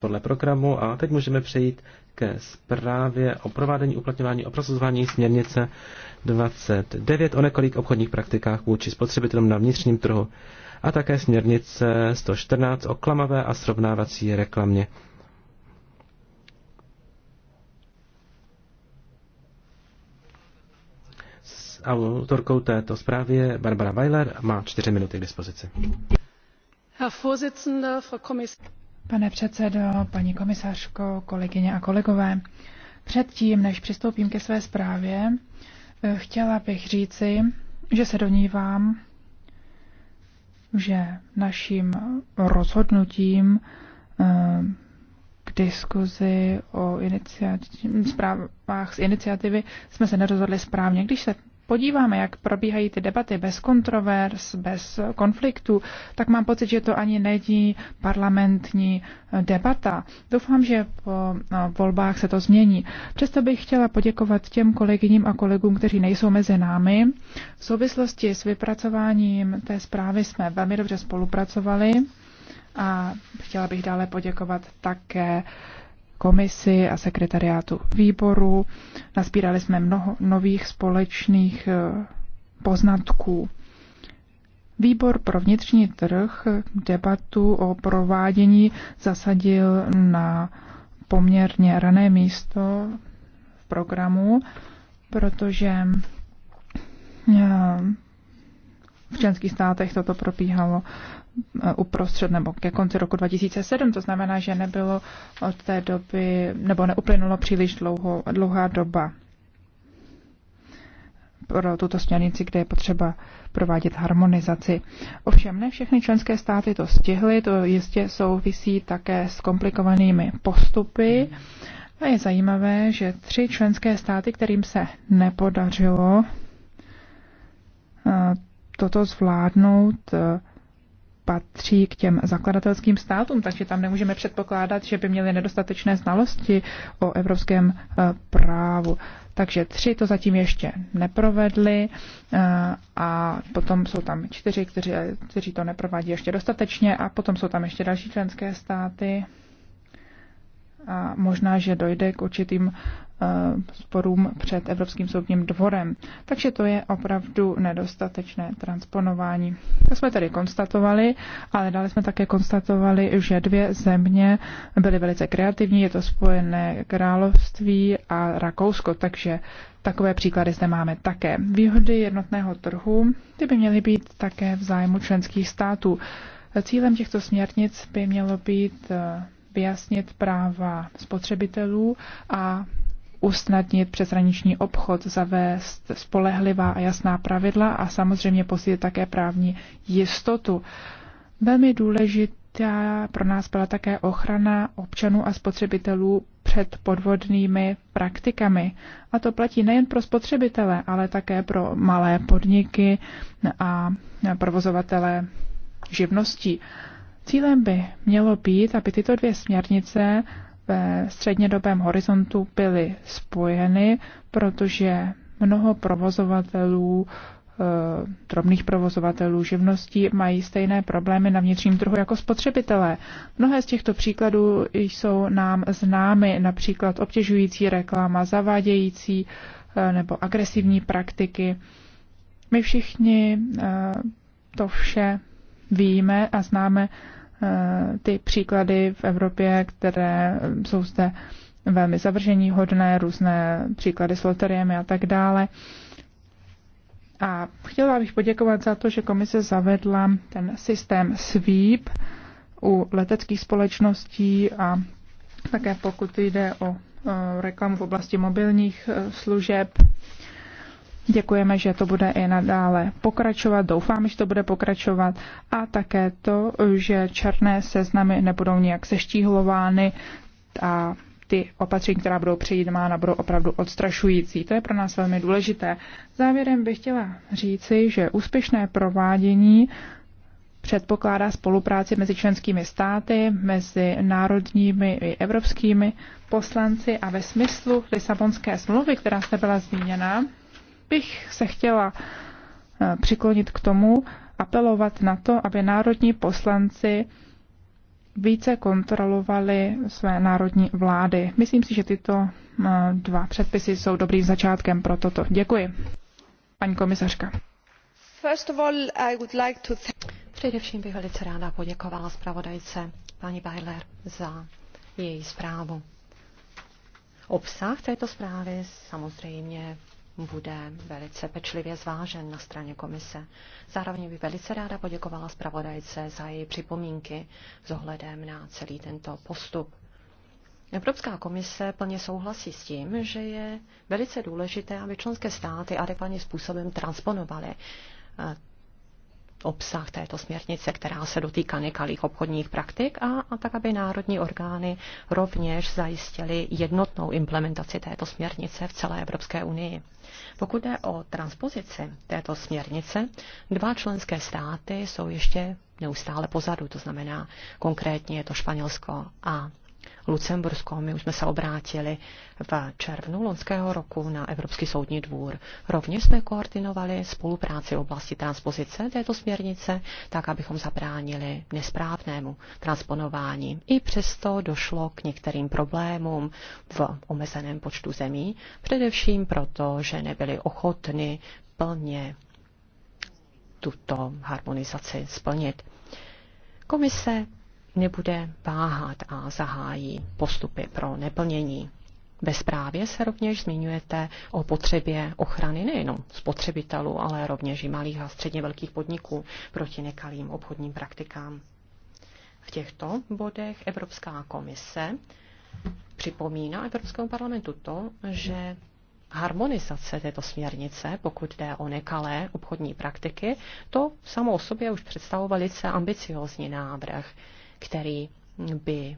podle programu a teď můžeme přejít ke zprávě o provádění uplatňování a prosazování směrnice 29 o nekolik obchodních praktikách vůči spotřebitelům na vnitřním trhu a také směrnice 114 o klamavé a srovnávací reklamě. S autorkou této zprávy je Barbara Weiler má čtyři minuty k dispozici. Herr Vorsitzender, Frau Pane předsedo, paní komisařko, kolegyně a kolegové, předtím, než přistoupím ke své zprávě, eh, chtěla bych říci, že se donívám, že naším rozhodnutím eh, k diskuzi o iniciativ, zprávách z iniciativy jsme se nerozhodli správně. Když se podíváme, jak probíhají ty debaty bez kontrovers, bez konfliktu. tak mám pocit, že to ani není parlamentní debata. Doufám, že po no, volbách se to změní. Přesto bych chtěla poděkovat těm kolegyním a kolegům, kteří nejsou mezi námi. V souvislosti s vypracováním té zprávy jsme velmi dobře spolupracovali a chtěla bych dále poděkovat také komisi a sekretariátu výboru. Naspírali jsme mnoho nových společných eh, poznatků. Výbor pro vnitřní trh debatu o provádění zasadil na poměrně rané místo v programu, protože eh, v členských státech toto probíhalo eh, uprostřed nebo ke konci roku 2007, to znamená, že nebylo od té doby, nebo neuplynulo příliš dlouho, dlouhá doba pro tuto směrnici, kde je potřeba provádět harmonizaci. Ovšem ne všechny členské státy to stihly, to jistě souvisí také s komplikovanými postupy. A je zajímavé, že tři členské státy, kterým se nepodařilo toto zvládnout eh, patří k těm zakladatelským státům, takže tam nemůžeme předpokládat, že by měli nedostatečné znalosti o evropském eh, právu. Takže tři to zatím ještě neprovedli eh, a potom jsou tam čtyři, kteří, kteří to neprovádí ještě dostatečně a potom jsou tam ještě další členské státy a možná, že dojde k určitým eh, sporům před Evropským soudním dvorem. Takže to je opravdu nedostatečné transponování. To jsme tedy konstatovali, ale dále jsme také konstatovali, že dvě země byly velice kreativní, je to Spojené království a Rakousko, takže takové příklady zde máme také. Výhody jednotného trhu, ty by měly být také v zájmu členských států. Cílem těchto směrnic by mělo být eh, vyjasnit práva spotřebitelů a usnadnit přeshraniční obchod, zavést spolehlivá a jasná pravidla a samozřejmě posílit také právní jistotu. Velmi důležitá pro nás byla také ochrana občanů a spotřebitelů před podvodnými praktikami. A to platí nejen pro spotřebitele, ale také pro malé podniky a provozovatele živností. Cílem by mělo být, aby tyto dvě směrnice ve střednědobém horizontu byly spojeny, protože mnoho provozovatelů eh, drobných provozovatelů živností mají stejné problémy na vnitřním trhu jako spotřebitelé. Mnohé z těchto příkladů jsou nám známy, například obtěžující reklama, zavádějící eh, nebo agresivní praktiky. My všichni eh, to vše víme a známe Eh, ty příklady v Evropě, které jsou zde velmi zavržení hodné, různé příklady s loteriemi a tak dále. A chtěla bych poděkovat za to, že komise zavedla ten systém SWEEP u leteckých společností a také pokud jde o eh, reklamu v oblasti mobilních eh, služeb, Děkujeme, že to bude i nadále pokračovat, doufám, že to bude pokračovat a také to, že černé seznamy nebudou nějak seštíhlovány a ty opatření, která budou přijímána, budou opravdu odstrašující. To je pro nás velmi důležité. Závěrem bych chtěla říci, že úspěšné provádění předpokládá spolupráci mezi členskými státy, mezi národními i evropskými poslanci a ve smyslu Lisabonské smlouvy, která se byla zmíněna, bych se chtěla eh, přiklonit k tomu, apelovat na to, aby národní poslanci více kontrolovali své národní vlády. Myslím si, že tyto eh, dva předpisy jsou dobrým začátkem pro toto. Děkuji. Paní komisařka. Především bych velice ráda poděkovala zpravodajce paní Bajler za její zprávu. Obsah této zprávy samozřejmě bude velice pečlivě zvážen na straně komise. Zároveň bych velice ráda poděkovala zpravodajce za její připomínky s ohledem na celý tento postup. Evropská komise plně souhlasí s tím, že je velice důležité, aby členské státy adekvátním způsobem transponovaly eh, obsah této směrnice, která se dotýká nekalých obchodních praktik a, a tak, aby národní orgány rovněž zajistily jednotnou implementaci této směrnice v celé Evropské unii. Pokud jde o transpozici této směrnice, dva členské státy jsou ještě neustále pozadu, to znamená konkrétně je to Španělsko a Lucembursko. My už jsme se obrátili v červnu loňského roku na Evropský soudní dvůr. Rovněž jsme koordinovali spolupráci v oblasti transpozice této směrnice, tak abychom zabránili nesprávnému transponování. I přesto došlo k některým problémům v omezeném počtu zemí, především proto, že nebyli ochotni plně tuto harmonizaci splnit. Komise nebude váhat a zahájí postupy pro neplnění. Ve zprávě se rovněž zmiňujete o potřebě ochrany nejenom spotřebitelů, ale rovněž i malých a středně velkých podniků proti nekalým obchodním praktikám. V těchto bodech Evropská komise připomíná Evropskému parlamentu to, že harmonizace této směrnice, pokud jde o nekalé obchodní praktiky, to samo o sobě už představovalice velice ambiciózní návrh který by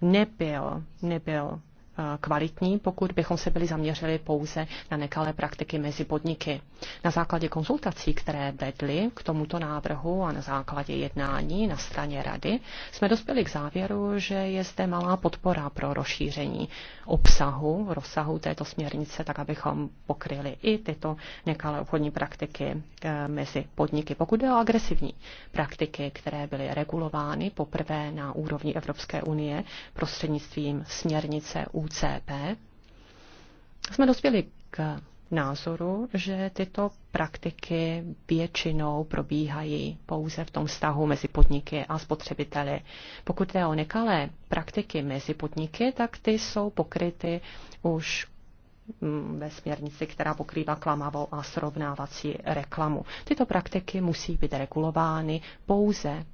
nebyl, nebyl Eh, kvalitní, pokud bychom se byli zaměřili pouze na nekalé praktiky mezi podniky. Na základě konzultací, které vedly k tomuto návrhu a na základě jednání na straně rady, jsme dospěli k závěru, že je zde malá podpora pro rozšíření obsahu, rozsahu této směrnice, tak abychom pokryli i tyto nekalé obchodní praktiky eh, mezi podniky. Pokud jde o agresivní praktiky, které byly regulovány poprvé na úrovni Evropské unie prostřednictvím směrnice UCP, jsme dospěli k názoru, že tyto praktiky většinou probíhají pouze v tom vztahu mezi podniky a spotřebiteli. Pokud jde o nekalé praktiky mezi podniky, tak ty jsou pokryty už mm, ve směrnici, která pokrývá klamavou a srovnávací reklamu. Tyto praktiky musí být regulovány pouze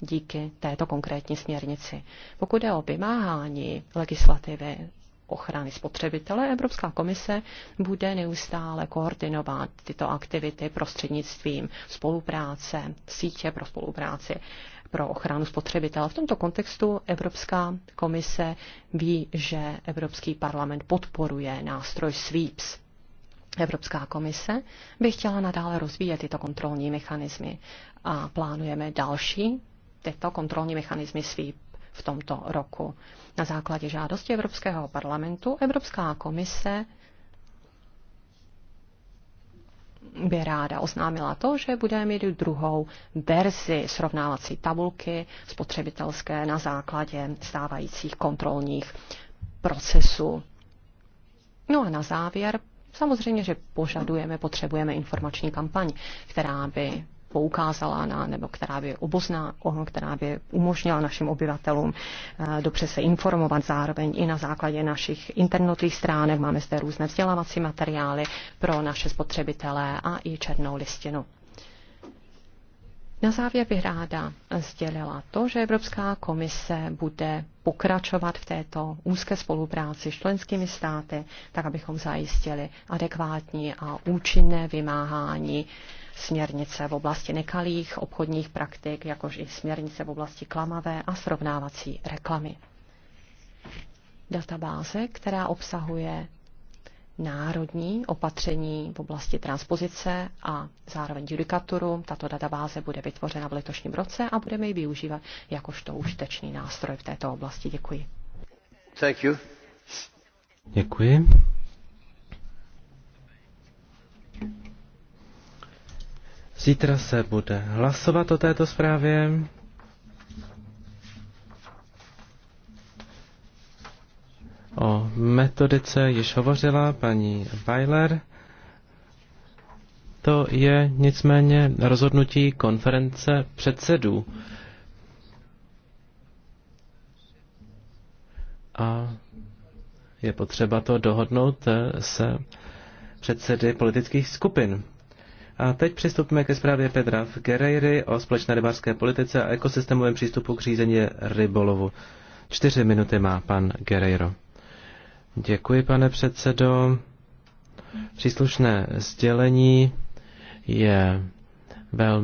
díky této konkrétní směrnici. Pokud je o vymáhání legislativy ochrany spotřebitele, Evropská komise bude neustále koordinovat tyto aktivity prostřednictvím spolupráce, sítě pro spolupráci pro ochranu spotřebitele. V tomto kontextu Evropská komise ví, že Evropský parlament podporuje nástroj SWEEPS. Evropská komise by chtěla nadále rozvíjet tyto kontrolní mechanismy a plánujeme další tyto kontrolní mechanismy SWIFT v tomto roku. Na základě žádosti Evropského parlamentu Evropská komise by ráda oznámila to, že budeme mít druhou verzi srovnávací tabulky spotřebitelské na základě stávajících kontrolních procesů. No a na závěr Samozřejmě, že požadujeme, potřebujeme informační kampaň, která by poukázala na, nebo která by obozná, která by umožnila našim obyvatelům eh, dobře se informovat zároveň i na základě našich internetových stránek. Máme zde různé vzdělávací materiály pro naše spotřebitele a i černou listinu. Na závěr bych ráda sdělila to, že Evropská komise bude pokračovat v této úzké spolupráci s členskými státy, tak abychom zajistili adekvátní a účinné vymáhání směrnice v oblasti nekalých obchodních praktik, jakož i směrnice v oblasti klamavé a srovnávací reklamy. Databáze, která obsahuje národní opatření v oblasti transpozice a zároveň judikaturu. Tato databáze bude vytvořena v letošním roce a budeme ji využívat jakožto užitečný nástroj v této oblasti. Děkuji. Thank you. Děkuji. Zítra se bude hlasovat o této zprávě. metodice již hovořila paní Weiler. To je nicméně rozhodnutí konference předsedů. A je potřeba to dohodnout eh, se předsedy politických skupin. A teď přistupme ke zprávě Pedra v Gerejry o společné rybářské politice a ekosystémovém přístupu k řízení rybolovu. Čtyři minuty má pan Gerejro. Děkuji, pane předsedo. Příslušné sdělení je velmi